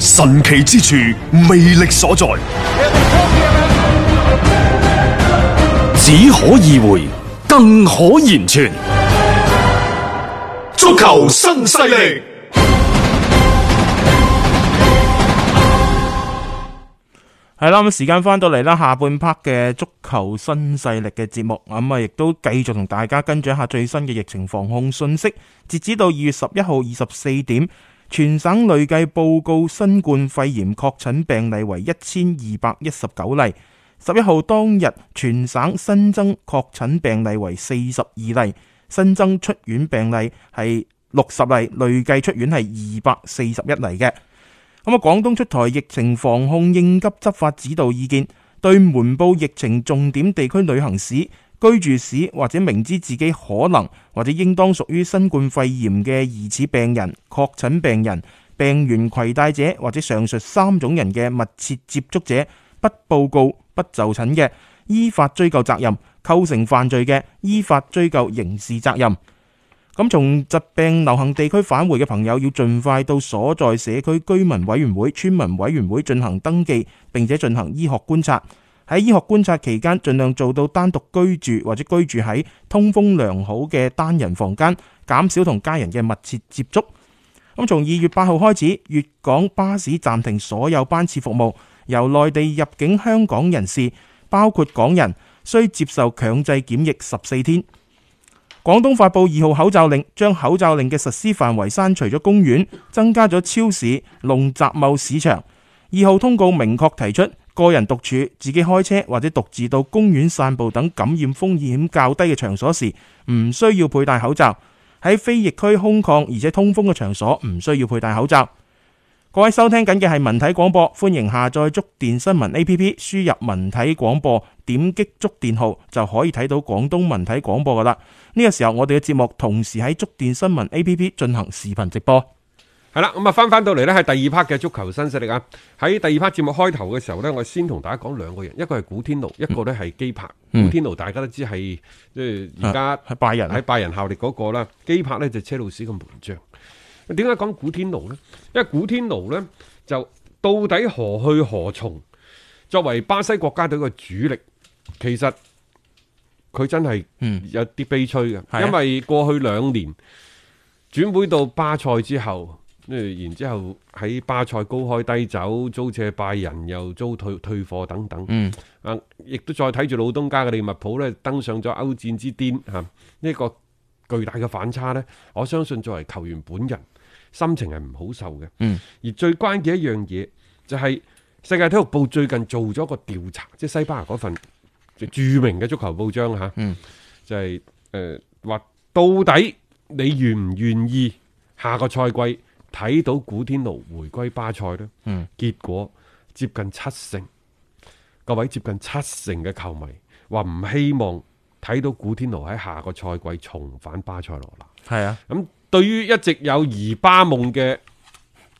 神奇之處，魅力所在，只可意會，更可言傳。足球新勢力係啦，咁時間翻到嚟啦，下半 part 嘅足球新勢力嘅節目，咁啊亦都繼續同大家跟住一下最新嘅疫情防控信息，截止到二月十一號二十四點。全省累計報告新冠肺炎確診病例為一千二百一十九例。十一號當日全省新增確診病例為四十二例，新增出院病例係六十例，累計出院係二百四十一例嘅。咁啊，廣東出台疫情防控應急執法指導意見，對瞞報疫情重點地區旅行史，居住史或者明知自己可能或者應當屬於新冠肺炎嘅疑似病人、確診病人、病原攜帶者或者上述三種人嘅密切接觸者，不報告、不就診嘅，依法追究責任，構成犯罪嘅，依法追究刑事責任。咁從疾病流行地區返回嘅朋友，要盡快到所在社區居民委員會、村民委員會進行登記，並且進行醫學觀察。喺醫學觀察期間，盡量做到單獨居住或者居住喺通風良好嘅單人房間，減少同家人嘅密切接觸。咁從二月八號開始，粵港巴士暫停所有班次服務，由內地入境香港人士，包括港人，需接受強制檢疫十四天。廣東發布二號口罩令，將口罩令嘅實施範圍刪除咗公園，增加咗超市、農集貿市場。二號通告明確提出。個人獨處、自己開車或者獨自到公園散步等感染風險較低嘅場所時，唔需要佩戴口罩。喺非疫區空曠而且通風嘅場所，唔需要佩戴口罩。各位收聽緊嘅係文體廣播，歡迎下載觸電新聞 A P P，輸入文體廣播，點擊觸電號就可以睇到廣東文體廣播㗎喇。呢、這個時候，我哋嘅節目同時喺觸電新聞 A P P 進行視頻直播。係啦，咁啊，翻翻到嚟呢，係第二 part 嘅足球新勢力啊！喺第二 part 節目開頭嘅時候呢，我先同大家講兩個人，一個係古天奴，一個呢係基柏。嗯、古天奴大家都知係即係而家拜仁喺拜仁效力嗰、那個啦，啊啊、基柏呢就車路士嘅門將。點解講古天奴呢？因為古天奴呢就到底何去何從？作為巴西國家隊嘅主力，其實佢真係有啲悲催嘅，嗯、因為過去兩年轉會到巴塞之後。然之後喺巴塞高開低走，租借拜仁又遭退退貨等等，嗯啊也，啊，亦都再睇住老東家嘅利物浦咧，登上咗歐戰之巔，吓呢個巨大嘅反差呢，我相信作為球員本人心情係唔好受嘅，嗯，而最關鍵的一樣嘢就係、是、世界體育報最近做咗個調查，即、就、係、是、西班牙嗰份著名嘅足球報章吓，啊、嗯，就係誒話到底你願唔願意下個賽季？睇到古天奴回歸巴塞呢，結果接近七成，嗯、各位接近七成嘅球迷話唔希望睇到古天奴喺下個賽季重返巴塞羅那。係是啊、嗯，咁對於一直有二巴夢嘅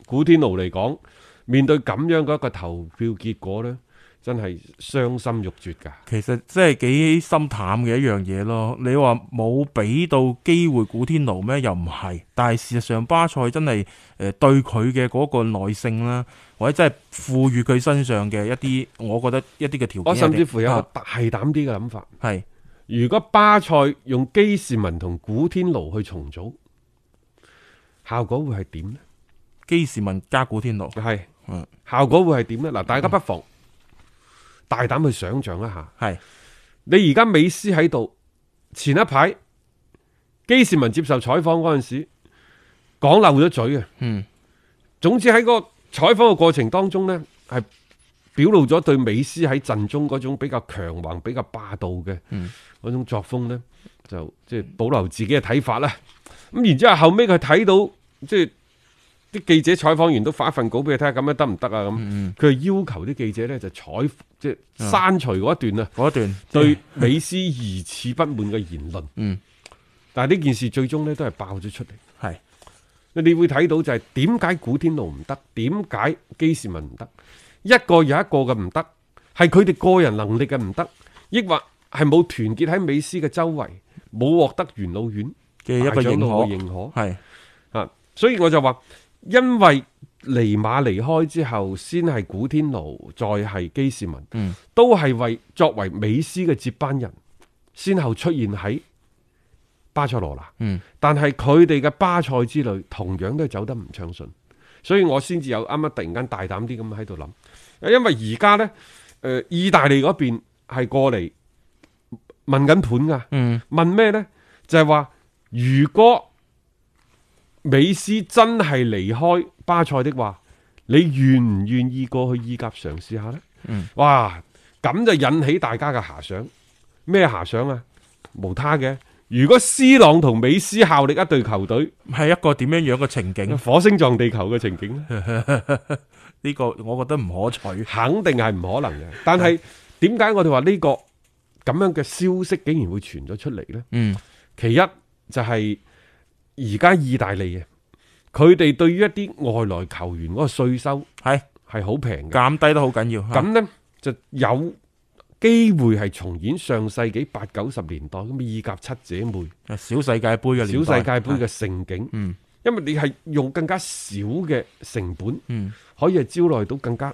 古天奴嚟講，面對咁樣嘅一個投票結果呢。真係傷心欲絕噶，其實真係幾心淡嘅一樣嘢咯。你話冇俾到機會古天奴咩？又唔係。但係事實上巴塞真係誒，對佢嘅嗰個耐性啦，或者真係賦予佢身上嘅一啲，我覺得一啲嘅條件，我甚至乎有個大膽啲嘅諗法。係如果巴塞用基士文同古天奴去重組，效果會係點呢？基士文加古天奴係，效果會係點呢？嗱，大家不妨。大膽去想象一下，係是你而家美斯喺度，前一排基士文接受採訪嗰陣時候，講漏咗嘴嘅。嗯，總之喺個採訪嘅過程當中呢係表露咗對美斯喺陣中嗰種比較強橫、比較霸道嘅嗰種作風呢就即係、就是、保留自己嘅睇法啦。咁然之後後尾佢睇到即係。就是啲記者採訪完都發一份稿俾佢睇下，嗯，咁樣得唔得啊？咁佢要求啲記者呢，就採即係刪除嗰一段啊，嗰一段對美斯疑似不滿嘅言論。嗯，但係呢件事最終呢，都係爆咗出嚟。係你會睇到就係點解古天樂唔得，點解基士文唔得，一個又一個嘅唔得，係佢哋個人能力嘅唔得，抑或係冇團結喺美斯嘅周圍，冇獲得元老院嘅一個認可認可係啊是，所以我就話。因為尼馬離開之後，先係古天奴，再係基士文，嗯、都係為作為美斯嘅接班人，先後出現喺巴塞羅那。嗯，但係佢哋嘅巴塞之旅同樣都係走得唔暢順，所以我先至有啱啱突然間大膽啲咁喺度諗，因為而家呢，誒、呃、意大利嗰邊係過嚟問緊盤噶，嗯，問咩呢？就係、是、話如果。美斯真係離開巴塞的話，你願唔願意過去意甲嘗試下呢？嗯，哇，咁就引起大家嘅遐想。咩遐想啊？無他嘅，如果斯朗同美斯效力一隊球隊，係一個點樣樣嘅情景？火星撞地球嘅情景呢 呢個我覺得唔可取，肯定係唔可能嘅。但係點解我哋話呢個咁樣嘅消息竟然會傳咗出嚟呢？嗯，其一就係、是。而家意大利嘅，佢哋對於一啲外來球員嗰個稅收係係好平，減低得好緊要。咁呢，就有機會係重現上世紀八九十年代咁意甲七姐妹、小世界盃嘅小世界盃嘅盛景。嗯，因為你係用更加少嘅成本，嗯，可以係招來到更加。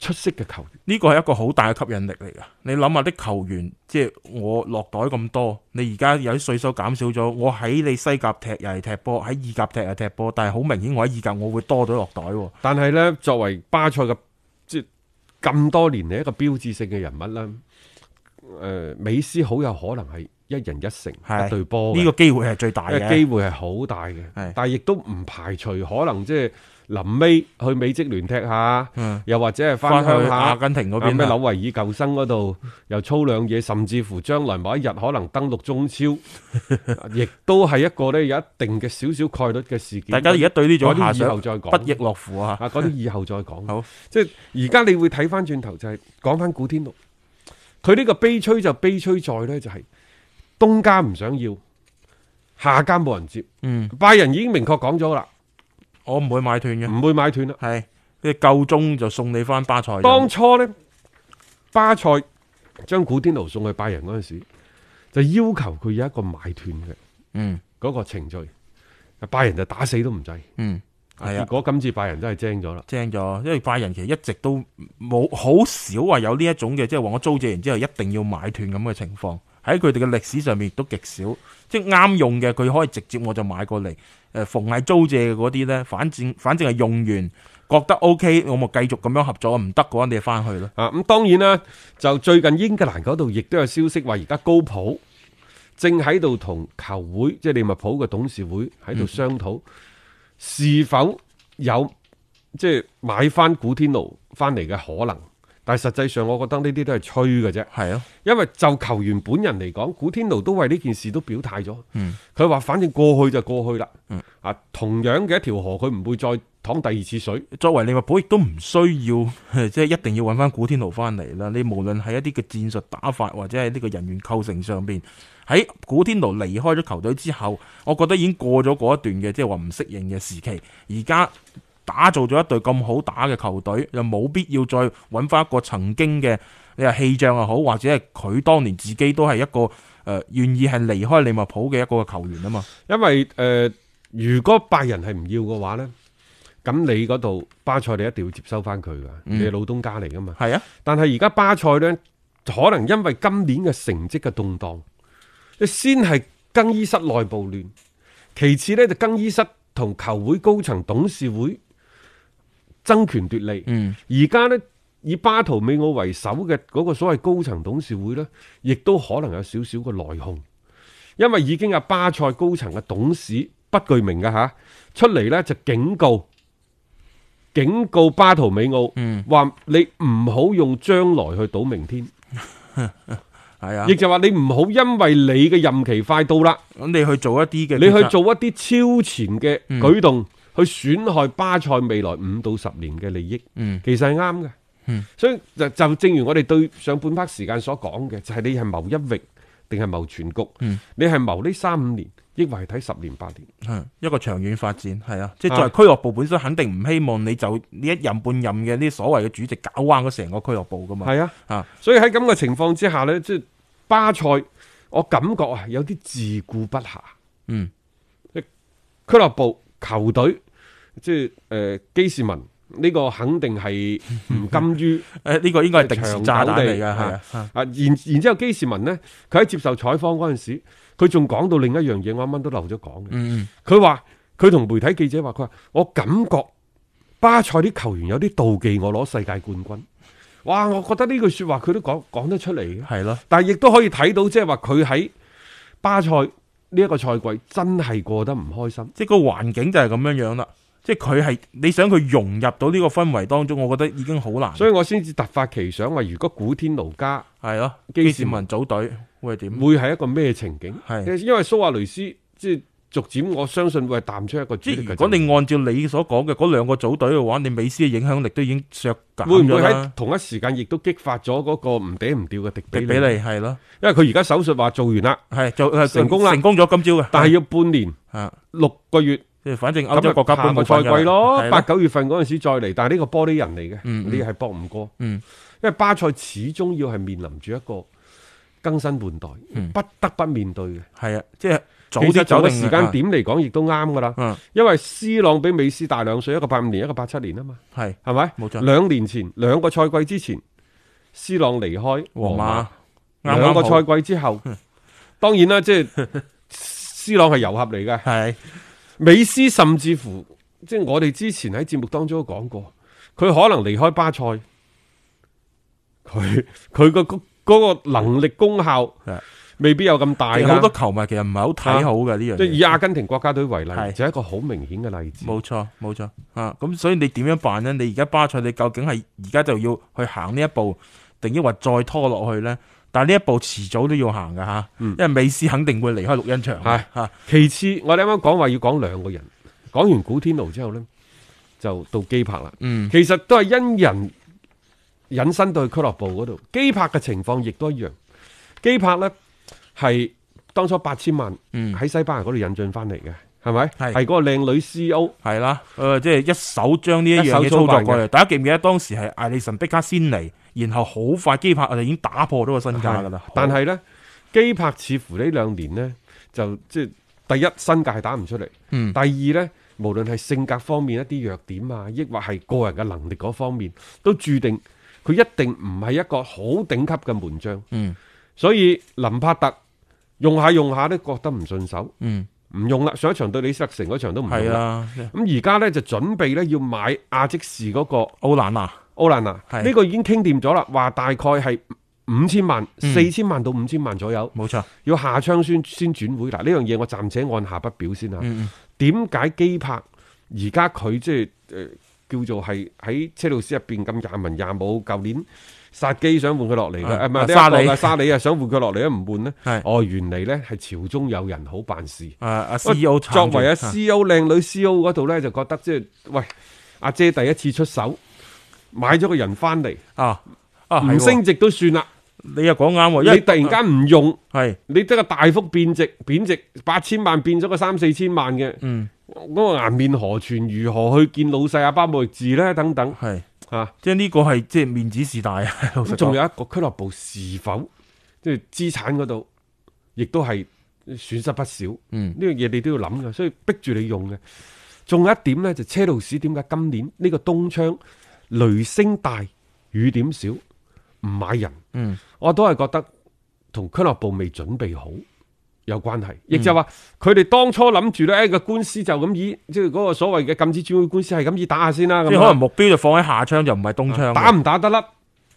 出色嘅球員，呢個係一個好大嘅吸引力嚟㗎。你諗下啲球員，即係我落袋咁多，你而家有啲稅收減少咗，我喺你西甲踢又係踢波，喺意甲踢又踢波，但係好明顯我喺意甲我會多咗落袋啊。但係呢，作為巴塞嘅即咁多年嚟一個標誌性嘅人物啦，誒、呃，美斯好有可能係。一人一城，一對波，呢個機會係最大嘅機會係好大嘅。係，但係亦都唔排除可能即係臨尾去美職聯踢下，又或者係翻去阿根廷嗰邊，咩紐維爾舊生嗰度又操兩嘢，甚至乎將來某一日可能登陸中超，亦都係一個呢有一定嘅少少概率嘅事件。大家而家對呢種遐想不亦樂乎啊。啊，講啲以後再講。好，即係而家你會睇翻轉頭，就係講翻古天樂，佢呢個悲催就悲催在呢，就係。東家唔想要，下家冇人接。嗯，拜仁已經明確講咗啦，我唔會買斷嘅，唔會買斷啦。係，你夠鐘就送你翻巴塞。當初咧，巴塞將古天奴送去拜仁嗰陣時，就要求佢有一個買斷嘅，嗯，嗰個程序。嗯，拜仁就打死都唔制。嗯，係啊。結果今次拜仁真係精咗啦，精咗，因為拜仁其實一直都冇好少話有呢一種嘅，即係話我租借完之後一定要買斷咁嘅情況。喺佢哋嘅歷史上面都極少，即係啱用嘅，佢可以直接我就買過嚟。誒、呃，逢係租借嘅嗰啲咧，反正反正係用完覺得 OK，我咪繼續咁樣合作。唔得嘅話，你返去啦。啊，咁、嗯、當然啦，就最近英格蘭嗰度亦都有消息話，而家高普正喺度同球會，即、就、係、是、利物浦嘅董事會喺度商討，嗯、是否有即係、就是、買返古天奴返嚟嘅可能。但係實際上，我覺得呢啲都係吹嘅啫。係啊！因為就球員本人嚟講，古天奴都為呢件事都表態咗。嗯，佢話：反正過去就過去啦。嗯，啊，同樣嘅一條河，佢唔會再淌第二次水。作為利物浦，亦都唔需要，即係一定要揾翻古天奴翻嚟啦。你無論喺一啲嘅戰術打法，或者係呢個人員構成上邊，喺古天奴離開咗球隊之後，我覺得已經過咗嗰一段嘅，即係話唔適應嘅時期。而家，打造咗一隊咁好打嘅球隊，又冇必要再揾翻一個曾經嘅，你話氣象又好，或者係佢當年自己都係一個誒呃、願意係離開利物浦嘅一個球員啊嘛。因為誒、呃，如果拜仁係唔要嘅話呢，咁你嗰度巴塞你一定要接收翻佢噶，嗯，你係老東家嚟噶嘛。係啊，但係而家巴塞呢，可能因為今年嘅成績嘅動盪，先係更衣室內部亂，其次呢就更衣室同球會高層董事會，爭權奪利，而家呢，以巴圖美奧為首嘅嗰個所謂高層董事會呢，亦都可能有少少嘅內訌，因為已經係巴塞高層嘅董事不具名嘅吓，出嚟呢就警告，警告巴圖美奧，話、嗯、你唔好用將來去賭明天，係啊 的，亦就話你唔好因為你嘅任期快到啦，咁你去做一啲嘅，你去做一啲超前嘅舉動。嗯佢損害巴塞未來五到十年嘅利益，嗯，其實係啱嘅，嗯，所以就就正如我哋對上半 part 時間所講嘅，就係、是、你係謀一域定係謀全局，嗯，你係謀呢三五年，抑或係睇十年八年，係一個長遠發展，係啊，即、就、係、是、作為俱樂部本身，肯定唔希望你就呢一任半任嘅呢所謂嘅主席搞壞咗成個俱樂部噶嘛，係啊，是啊，所以喺咁嘅情況之下呢，即、就、係、是、巴塞，我感覺啊，有啲自顧不暇，嗯，俱樂部球隊。即係誒、呃，基士文呢個肯定係唔甘於誒，呢、 呃這個應該係定時炸彈嚟嘅。吓。啊，然然之後基士文呢，佢喺接受採訪嗰陣時，佢仲講到另一樣嘢，我啱啱都漏咗講嘅。佢話佢同媒體記者話，佢話我感覺巴塞啲球員有啲妒忌我攞世界冠軍。哇，我覺得呢句話他說話佢都講講得出嚟係咯，是的 但係亦都可以睇到，即係話佢喺巴塞呢一個賽季真係過得唔開心，即係個環境就係咁樣樣啦。即係佢係你想佢融入到呢個氛圍當中，我覺得已經好難。所以我先至突發奇想話，如果古天奴家係咯的基士文組隊會係點？會係一個咩情景？係的因為蘇亞雷斯即係逐漸，我相信會係淡出一個主力，主力即如果你按照你所講嘅嗰兩個組隊嘅話，你美斯嘅影響力都已經削緊，會唔會喺同一時間亦都激發咗嗰個唔頂唔掉嘅敵比？你例係咯，因為佢而家手術話做完啦，係成功啦，成功咗今朝嘅。但係要半年啊，六的個月。反正歐洲國家杯個賽季咯，八九月份嗰陣時再嚟，但係呢個玻璃人嚟嘅，你係搏唔過。嗯，因為巴塞始終要係面臨住一個更新換代，不得不面對嘅。係啊，即係其實走嘅時間點嚟講，亦都啱噶啦。因為斯朗比美斯大兩歲，一個八五年，一個八七年啊嘛。係係咪？冇錯。兩年前，兩個賽季之前，斯朗離開皇馬，兩個賽季之後，當然啦，即係斯朗係遊俠嚟嘅。係。美斯甚至乎，即係我哋之前喺節目當中都講過，佢可能離開巴塞，佢佢、嗰個嗰個能力功效，未必有咁大。好多球迷其實唔係好睇好嘅呢樣。即係以阿根廷國家隊為例，的就係一個好明顯嘅例子。冇錯，冇錯，咁所以你點樣辦呢？你而家巴塞，你究竟係而家就要去行呢一步，定抑或再拖落去呢？但呢一步遲早都要行噶吓，嗯、因為美斯肯定會離開錄音場。係吓是，啊、其次我哋啱啱講話要講兩個人，講完古天奴之後咧，就到基帕啦。嗯，其實都係因人引申到去俱樂部嗰度。基帕嘅情況亦都一樣。基帕咧係當初八千萬喺西班牙嗰度引進翻嚟嘅，係咪、嗯？係係嗰個靚女 C.O。係、呃、啦，誒，即係一手將呢一樣嘢操作過嚟。嗯、大家記唔記得當時係艾利臣·碧加先嚟？然後好快，基帕我哋已經打破咗個身價噶啦。但係咧，基帕似乎呢兩年呢，就即係第一身價係打唔出嚟。嗯。第二呢，無論係性格方面一啲弱點啊，抑或係個人嘅能力嗰方面，都注定佢一定唔係一個好頂級嘅門將。嗯。所以林柏特用下用下咧，覺得唔順手。嗯。唔用啦，上一場對李斯特城嗰場都唔用啦。咁而家呢，就準備呢要買亞積士嗰個歐蘭娜。奧蘭啊，呢個已經傾掂咗啦，話大概係五千萬、四千萬到五千萬左右，冇錯。要下窗先先轉會，嗱呢樣嘢我暫且按下不表先啦。點解基柏而家佢即係誒叫做係喺車路士入邊咁廿文廿武。舊年殺機想換佢落嚟啦，阿沙里啊沙里啊想換佢落嚟都唔換呢？哦，原嚟呢係朝中有人好辦事。阿阿 C O 作為阿 C O 靚女 C O 嗰度呢，就覺得即係喂阿姐第一次出手。買咗個人翻嚟啊啊，唔、啊、升值都算啦。你又講啱喎，你突然間唔用係，的你得個大幅貶值，貶值八千萬變咗個三四千萬嘅。嗯，嗰個顏面何存？如何去見老細阿巴母字咧？等等係的、啊、即係呢個係即係面子事大。仲有一個俱樂部是否即係資產嗰度，亦都係損失不少。嗯，呢樣嘢你都要諗嘅，所以逼住你用嘅。仲有一點咧，就是、車路士點解今年呢個冬窗？雷聲大，雨點少，唔買人，嗯、我都係覺得同俱樂部未準備好有關係，亦就話佢哋當初諗住咧，誒、哎、個官司就咁以即係嗰個所謂嘅禁止轉會官司係咁以打下先啦。即係可能目標就放喺下窗那就唔係東窗打唔打得甩，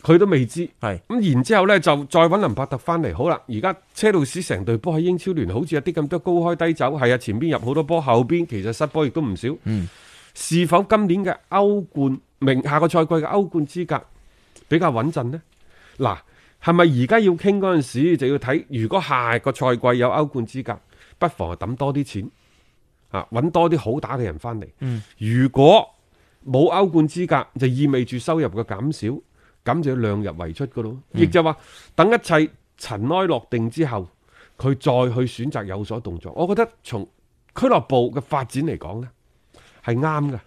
佢都未知係。咁是然之後咧就再搵林伯特翻嚟，好啦，而家車路士成隊波喺英超聯，好似有啲咁多高開低走，係啊，前邊入好多波，後邊其實失波亦都唔少。嗯、是否今年嘅歐冠？明下個賽季嘅歐冠資格比較穩陣呢，嗱係咪而家要傾嗰陣時就要睇？如果下個賽季有歐冠資格，不妨抌多啲錢，啊，揾多啲好打嘅人翻嚟。嗯、如果冇歐冠資格，就意味住收入嘅減少，咁就要量入為出噶咯。亦、嗯、就話等一切塵埃落定之後，佢再去選擇有所動作。我覺得從俱樂部嘅發展嚟講呢，係啱嘅。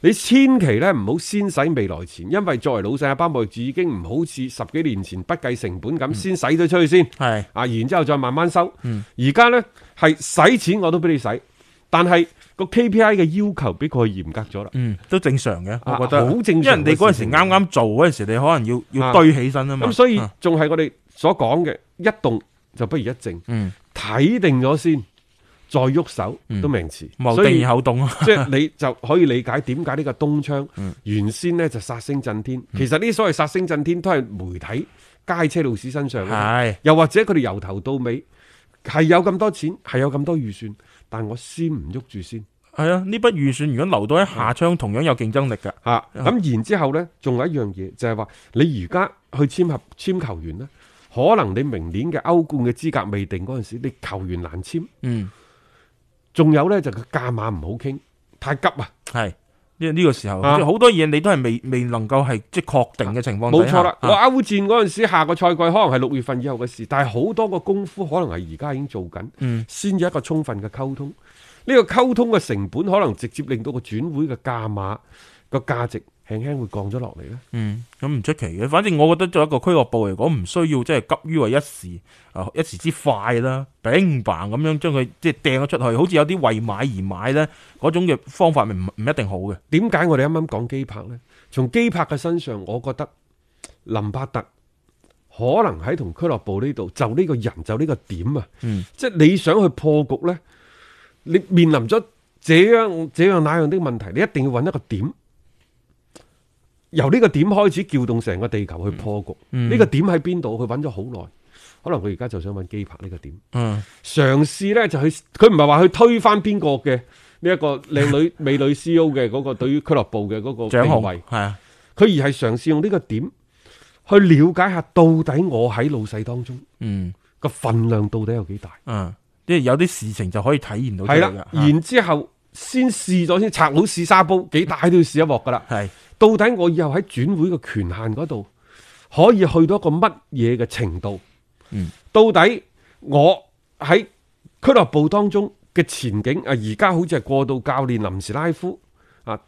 你千祈咧唔好先使未來錢，因為作為老細阿巴莫已經唔好似十幾年前不計成本咁、嗯、先使咗出去先，係啊是，然之後再慢慢收。而家咧係使錢我都俾你使，但係個 KPI 嘅要求俾佢嚴格咗啦。嗯，都正常嘅，啊、我覺得好正常。因為你嗰陣時啱啱做嗰陣時候，你可能要要堆起身啊嘛。咁、啊、所以仲係我哋所講嘅一動就不如一靜，睇、嗯、定咗先。再喐手都名詞、嗯，無定後動以，即係 你就可以理解點解呢個冬窗原先呢就殺聲震天。嗯、其實呢啲所謂殺聲震天都係媒體、街車、老師身上嘅。是又或者佢哋由頭到尾係有咁多錢，係有咁多預算，但我先唔喐住先。係啊，呢筆預算如果留到喺下窗，同樣有競爭力嘅吓。咁、嗯啊、然之後咧，仲有一樣嘢就係、是、話，你而家去簽合簽球員呢，可能你明年嘅歐冠嘅資格未定嗰陣時，你球員難簽。嗯。仲有咧就個價碼唔好傾，太急啊！係呢呢個時候，好、啊、多嘢你都係未未能夠係即係確定嘅情況下。冇錯啦，歐、啊、戰嗰陣時候下個賽季可能係六月份以後嘅事，但係好多個功夫可能係而家已經做緊，先有一個充分嘅溝通。呢、嗯、個溝通嘅成本可能直接令到個轉會嘅價碼個價值輕輕會降咗落嚟咧，嗯，咁唔出奇嘅。反正我覺得作為一個俱樂部嚟講，唔需要即係急於為一時啊一時之快啦，頂唔硬咁樣將佢即係掟咗出去。好似有啲為買而買咧，嗰種嘅方法唔唔一定好嘅。點解我哋啱啱講基柏咧？從基柏嘅身上，我覺得林柏特可能喺同俱樂部呢度就呢個人就呢個點啊，嗯，即係你想去破局咧，你面臨咗這樣這樣那樣的問題，你一定要揾一個點。由呢個點開始撬動成個地球去破局，呢、嗯、個點喺邊度？佢揾咗好耐，可能佢而家就想揾機拍呢個點。嘗試咧就去，佢唔係話去推翻邊個嘅呢一個靚女、美女 C.O. 嘅嗰個對於俱樂部嘅嗰個地位，係啊，佢而係嘗試用呢個點去了解下到底我喺老細當中，嗯，個份量到底有幾大嗯？嗯，即係有啲事情就可以體現到。係啦，然之後。先試咗先，拆好試沙煲，幾大都要試一鑊噶啦。係是到底我以後喺轉會嘅權限嗰度可以去到一個乜嘢嘅程度？嗯，到底我喺俱樂部當中嘅前景啊？而家好似係過渡教練臨時拉夫啊！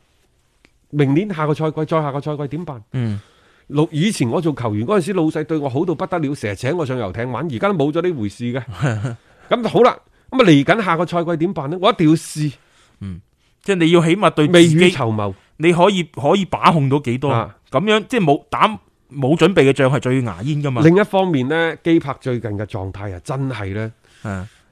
明年下個賽季，再下個賽季點辦？嗯，老以前我做球員嗰陣時，老細對我好到不得了，成日請我上遊艇玩，而家都冇咗呢回事嘅。咁 好啦，咁啊嚟緊下個賽季點辦呢？我一定要試。嗯，即係你要起碼對自己籌謀，你可以可以把控到幾多咁、啊、樣，即係冇打冇準備嘅仗係最牙煙噶嘛。另一方面呢，基柏最近嘅狀態啊，真係呢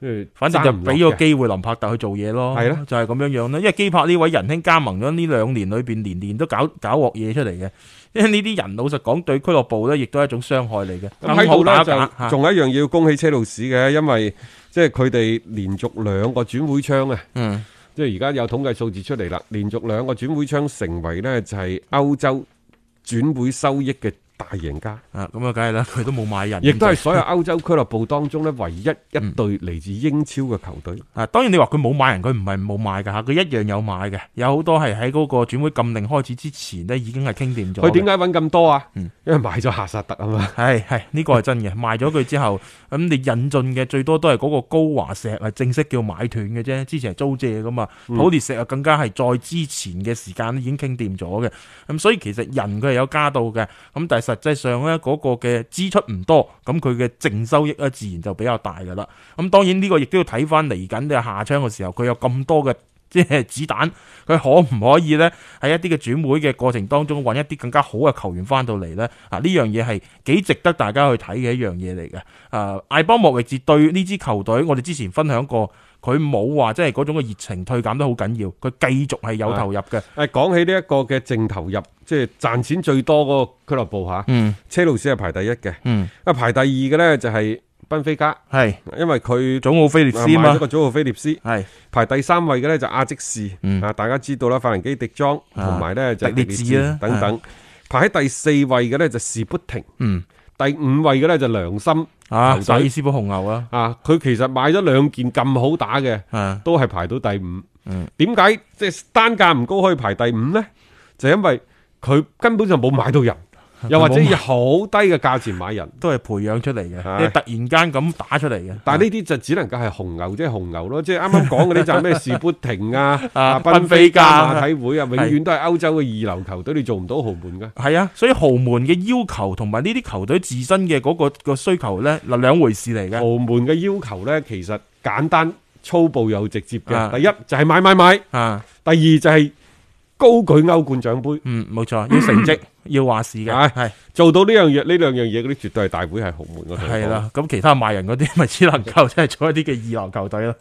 嗯，反正就俾個機會林柏特去做嘢咯，係咯的，就係咁樣樣啦。因為基柏呢位仁兄加盟咗呢兩年裏邊，年年都搞搞鑊嘢出嚟嘅。因為呢啲人老實講，對俱樂部咧亦都係一種傷害嚟嘅。咁好、嗯、打仲架有一樣要恭喜車路士嘅，啊、因為即係佢哋連續兩個轉會窗啊。嗯。即係而家有統計數字出嚟啦，連續兩個轉會窗成為呢就係歐洲轉會收益嘅。大贏家啊，咁啊，梗係啦，佢都冇買人，亦都係所有歐洲俱樂部當中咧，唯一一隊嚟自英超嘅球隊啊，嗯嗯嗯嗯。當然你話佢冇買人，佢唔係冇買㗎。佢一樣有買嘅，有好多係喺嗰個轉會禁令開始之前呢已經係傾掂咗。佢點解揾咁多啊？嗯、因為賣咗夏薩特啊嘛。係係，呢、呢個係真嘅，賣咗佢之後，咁 你引進嘅最多都係嗰個高華石正式叫買斷嘅啫。之前租借噶嘛，普列、嗯、石啊，更加係再之前嘅時間已經傾掂咗嘅。咁所以其實人佢係有加到嘅。咁實際上咧，嗰個嘅支出唔多，咁佢嘅淨收益咧自然就比較大㗎喇。咁當然呢個亦都要睇翻嚟緊嘅下窗嘅時候，佢有咁多嘅。即係子彈，佢可唔可以咧喺一啲嘅轉會嘅過程當中揾一啲更加好嘅球員翻到嚟咧？啊，呢樣嘢係幾值得大家去睇嘅一樣嘢嚟嘅。艾邦莫維治對呢支球隊，我哋之前分享過，佢冇話即係嗰種嘅熱情退減得好緊要，佢繼續係有投入嘅。誒，啊，講起呢一個嘅淨投入，即係賺錢最多個俱樂部嚇，啊，嗯，車路士係排第一嘅，嗯，啊排第二嘅咧就係。奔飛加係，因為佢祖奧菲列斯嘛，買咗個祖奧菲列斯，係排第三位嘅咧，就阿積士，啊大家知道啦，法蘭基迪莊同埋咧就迪列治啦等等，排喺第四位嘅咧就士砵亭，嗯，第五位嘅咧就良心啊，睇師傅紅牛啊，啊，佢其實買咗兩件咁好打嘅，都係排到第五，點解即係單價唔高可以排第五咧？就因為佢根本就冇買到人。又或者以好低嘅價錢買人，都係培養出嚟嘅，你突然間咁打出嚟嘅。但係呢啲就只能夠係紅牛，即係紅牛咯，即係啱啱講嗰啲就係咩士砵亭啊、啊奔飛加馬體會啊，永遠都係歐洲嘅二流球隊，你做唔到豪門噶。係啊，所以豪門嘅要求同埋呢啲球隊自身嘅嗰個個需求咧，嗱兩回事嚟嘅。豪門嘅要求咧，其實簡單粗暴又直接嘅。第一就係買買買啊，第二就係。高舉歐冠獎杯，嗯，冇錯，要成績， 要話事嘅，係是對做到呢樣嘢，呢兩樣嘢嗰啲絕對係大會係豪門嘅，係啦。咁其他賣人嗰啲，咪的只能夠即係做一啲嘅二流球隊咯。